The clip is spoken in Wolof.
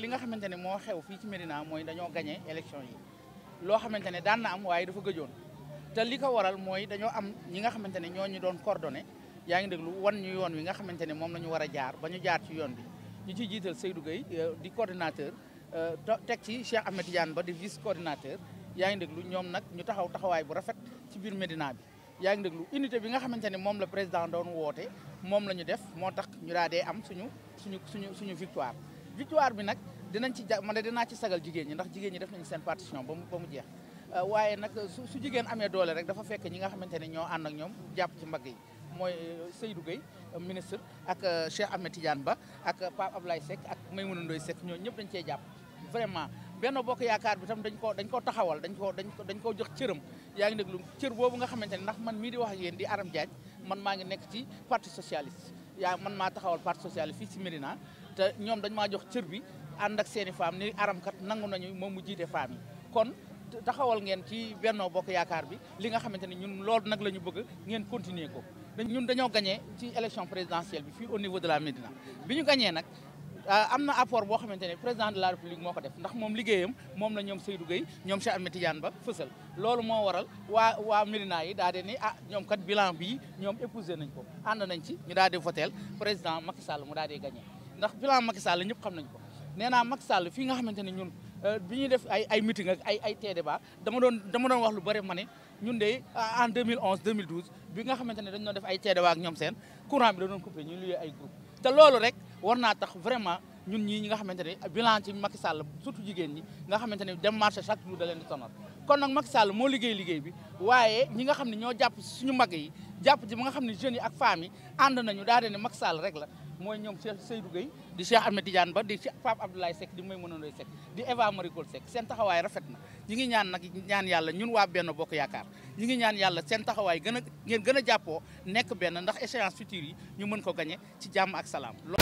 li nga xamante ne moo xew fii ci Médina mooy dañoo gagné élection yi loo xamante ne daan na am waaye dafa gajoon te li ko waral mooy dañoo am ñi nga xamante ne ñoo ñu doon coordonné yaa ngi déglu wan ñu yoon wi nga xamante ne moom la ñu war a jaar ba ñu jaar ci yoon bi ñu ciy jiital Seydou Gueye euh, di coordinateur euh, teg ci Cheikh Ahmed Tidiane ba di vice coordinateur yaa ngi déglu ñoom nag ñu taxaw taxawaay bu rafet ci biir Médina bi yaa ngi déglu unité bi nga xamante ne moom la président doon woote moom la ñu def moo tax ñu daal am suñu suñu suñu suñu victoire victoire bi nag dinañ ci ja man de dinaa ci sagal jigéen ñi ndax jigéen ñi def nañ seen partition ba mu ba mu jeex euh, waaye nag su su jigéen amee doole rek dafa fekk ñi nga xamante ne ñoo ànd ñoom jàpp ci mbagg yi mooy euh, Seydou Gueye euh, ministre ak Cheikh Ahmed Tidiane Ba ak Pape Ablaye Seck ak Maymouna Ndoye Seck ñoo ñëpp dañ cee jàpp vraiment benn bokk yaakaar bi tam dañ ko dañ koo taxawal dañ ko dañ ko dañ koo jox cëram yaa ngi déglu cër boobu nga xamante ne ndax man mii di wax ak yéen di Aram Diagne man maa ngi nekk ci parti socialiste yaa man maa taxawal parti socialiste fii si Médina te ñoom dañ maa jox cër bi ànd ak seen i femmes ni aramkat nangu nañu moom mu jiite femmes yi kon taxawal ngeen ci Benno Bokk Yaakaar bi li nga xamante ni ñun loolu nag la ñu bëgg ngeen continuer ko ñun dañoo gagné ci élection présidentielle bi fii au niveau de la Médina bi ñu gañee nag Euh, am na apport boo xamante ne président de la république moo ko def ndax moom liggéeyam moom la ñoom Seydou Gueye ñoom Cheikh Ahmed Ba fësal loolu moo waral waa waa Médina yi daa de ni ah ñoom kat bilan bii ñoom épousé nañ ko ànd nañ ci ñu daal di voteel président Macky Sall mu daal di gagné ndax bilan Macky Sall ñëpp xam nañ ko nee naa Macky Sall fii nga xamante ne ñun euh, bi ñu def ay ay meeting ak ay ay tee débat dama doon dama doon wax lu bare ma ne ñun de ah, en 2011 2012 bi nga xamante ne dañ doon ay tee débat ak ñoom seen courant loolu rek war naa tax vraiment ñun ñi ñi nga xamante ne bilan ci Macky Sall surtout jigéen ñi nga xamante ne dem marché chaque jour da leen di sonal kon nag Macky Sall moo liggéey liggéey bi waaye ñi nga xam ne ñoo jàpp suñu mag yi jàpp ci ba nga xam ne jeunes yi ak femmes yi ànd nañu daa dee ne rek la mooy ñoom Cheikh Seydou Gueye di Cheikh Ahmed Tidiane Ba di Pape Abdoulaye Seck di Maïmouna Ndoye Seck di Eva Marie Coll Seck seen taxawaay rafet na ñi ngi ñaan nag ñaan yàlla ñun waa benn bokk yaakaar ñi ngi ñaan yàlla seen taxawaay gën a ngeen gën a jàppoo nekk benn ndax échéance future yi ñu mën ko gagné ci jàmm ak salaam